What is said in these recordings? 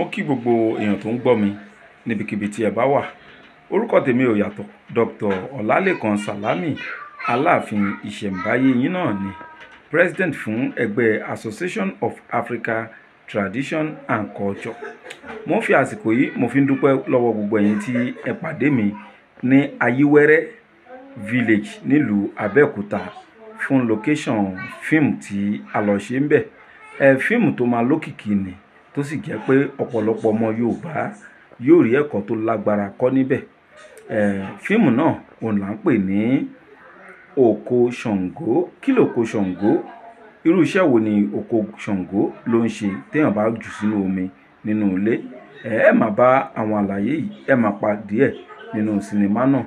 mo kí gbogbo èèyàn tó ń gbọ́ mi níbikíbi tí ẹ bá wà orúkọ tèmi ò yàtọ̀ dr ọlálẹ́kan salami aláàfin ìṣẹ̀ǹbáyé yín náà ni president fún ẹgbẹ́ association of africa tradition and culture mo ń fi àsìkò yìí mo fi ń dúpẹ́ lọ́wọ́ gbogbo ẹ̀yin tí ẹ pàdé mi ní ayíwẹ́rẹ́ village nílùú abẹ́òkúta fún location fíìmù tí a lọ ṣe ń bẹ̀ ẹ fíìmù tó máa lókìkí ni tó sì jẹ́ pé ọ̀pọ̀lọpọ̀ ọmọ Yorùbá yóò rí ẹ̀kọ́ tó lágbára kọ́ níbẹ̀. Fíìmù náà òun là ń pè ní Oko Ṣàngó. Kí lóko Ṣàngó? Irú iṣẹ́ wo ni oko Ṣàngó ló ń ṣe téèyàn bá jù sínú omi nínú ilé? Ẹ máa bá àwọn àlàyé yìí ẹ máa pa díẹ̀ nínú sinimá náà.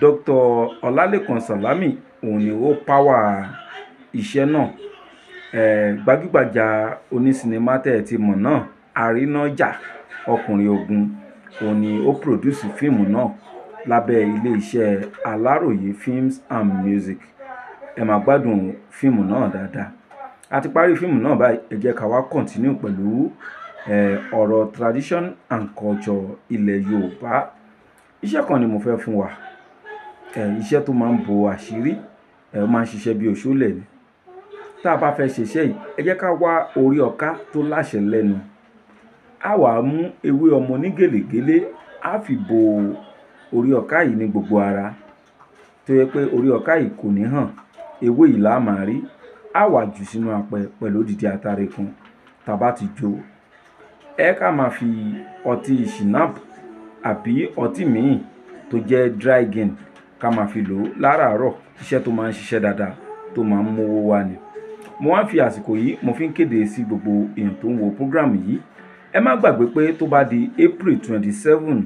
Dr. Ọlálékan Sàlámì òun ni ó páwà iṣẹ́ náà. Gbajúgbajà onísinimá tẹ́ ẹ ti mọ̀ náà arínájà ọkùnrin ogun òun ni ó pòdúsì fíìmù náà lábẹ́ iléeṣẹ́ aláròye films and music ẹ máa gbádùn fíìmù náà dáadáa a ti parí fíìmù náà báyìí ẹ jẹ́ ká wá continue pẹ̀lú ọ̀rọ̀ tradition and culture ilẹ̀ yorùbá iṣẹ́ kan ni mo fẹ́ fún wa iṣẹ́ tó máa ń bo àṣírí ẹ máa ń ṣiṣẹ́ bí òṣòlẹ̀ ni tá a bá fẹ́ ṣiṣẹ́ yìí ẹ jẹ́ ká wá orí ọ̀ká tó láṣẹ lẹ́nu a wàá mú ewé ọmọ ní gèlègélé a fi bo orí ọ̀ká yìí ní gbogbo ara tó yẹ pé orí ọ̀ká yìí kò ní hàn ewé yìí là á máa rí a wàá jù sínú apẹ pẹ̀lú odidi atare kan tàbá ti jo ẹ ká máa fi ọtí shinap àbí ọtí míì tó jẹ́ dry gin ká máa fi lò ó láràárọ̀ iṣẹ́ tó máa ń ṣiṣẹ́ dáadáa tó máa ń mówó wá ni mo wá fi àsìkò yìí mo fi ń kéde sí gbogbo èèyàn tó ń wo program yìí ẹ má gbàgbé pé tó bá di April twenty seven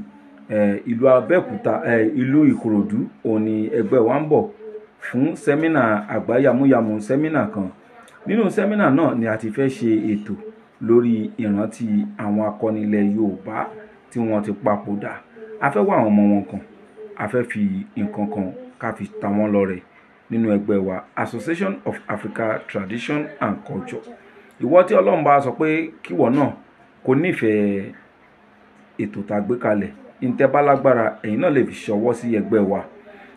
ìlú Abẹ́òkúta ìlú Ìkòròdú òun ni ẹgbẹ́ wa ń bọ̀ fún sẹ́mínà àgbá yamuyamu sẹ́mínà kan nínú sẹ́mínà náà ni a ti fẹ́ ṣe ètò lórí ìrántí àwọn akọni ilẹ̀ Yorùbá tí wọ́n ti papòdà a fẹ́ wá àwọn ọmọ wọn kan a fẹ́ fi nǹkan kan ká fi ta wọ́n lọ́rẹ nínú ẹgbẹ́ wa Association of Africa Tradition and Culture ìwọ tí Ọlọ́run bá sọ pé kíwọ náà kó nífẹ̀ẹ́ ètò tá a gbé kalẹ̀ ntẹ́ bá lágbára ẹ̀yin náà lè fi ṣọwọ́ sí ẹgbẹ́ wa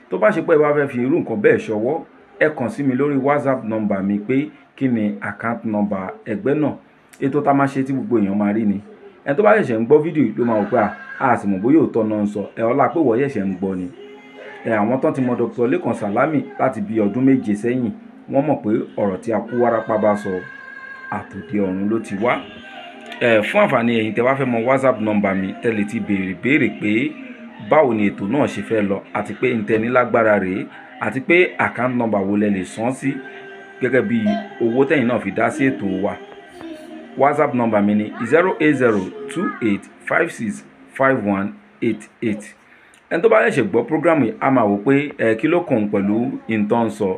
tó bá ṣe pé ẹ bá fẹ́ fi irú nǹkan bẹ́ẹ̀ ṣọwọ́ ẹ kàn sí mi lórí whatsapp number mi pé kí ni account number ẹgbẹ́ náà ètò tá a máa ṣe tí gbogbo èèyàn máa rí ni ẹni tó bá ṣẹ̀ṣẹ̀ ń gbọ́ fídíò ló máa wò pé a sì mọ̀ bóyá òótọ́ náà ń sọ ẹ ọlá pé wọ́n ṣẹ̀ṣẹ̀ ń gbọ́ ni ẹ àwọn tán ti mọ Dr. Lẹ́kan Sàlámì láti bíi ọdún méje sẹ́yìn wọ́n mọ̀ pé ọ̀rọ̀ tí a kú wárápá bá sọ àtòdì ọ̀run ló ti wá ẹ fún àǹfààní ẹ̀yin tẹ́ wá fẹ́ mọ whatsapp nọ́mbà mi tẹ́lẹ̀ ti béèrè béèrè pé báwo ni ètò náà ṣe fẹ́ lọ àti pé ntẹnilágbára rèé àti pé account number wo lẹ lè san sí gẹ́gẹ́ bí owó tẹ̀yin náà fi dá sí ètò wa whatsapp number mi ni zero eight zero two eight five six five one eight eight ẹni tó bá ṣẹ̀ṣẹ̀ gbọ́ program yìí a máa wò pé ẹ kí ló kàn pẹ̀lú nǹkan sọ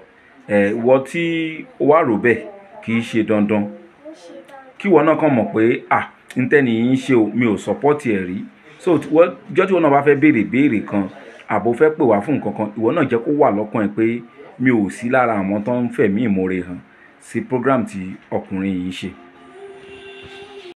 ẹ wọ́n tí ó rò bẹ́ẹ̀ kì í ṣe dandan kí ìwọ náà kàn mọ̀ pé à ń tẹ́ni yín ṣe o mi ò sọ́pọ́tì ẹ̀ rí so jọ́ tí ìwọ náà bá fẹ́ béèrè béèrè kan àbò fẹ́ pè wá fún nǹkan kan ìwọ náà jẹ́ kó wà lọ́kàn ẹ pé mi ò sí lára àwọn tó ń fẹ̀mí ìmoore hàn sí program tí ọkùnrin yìí ń ṣe.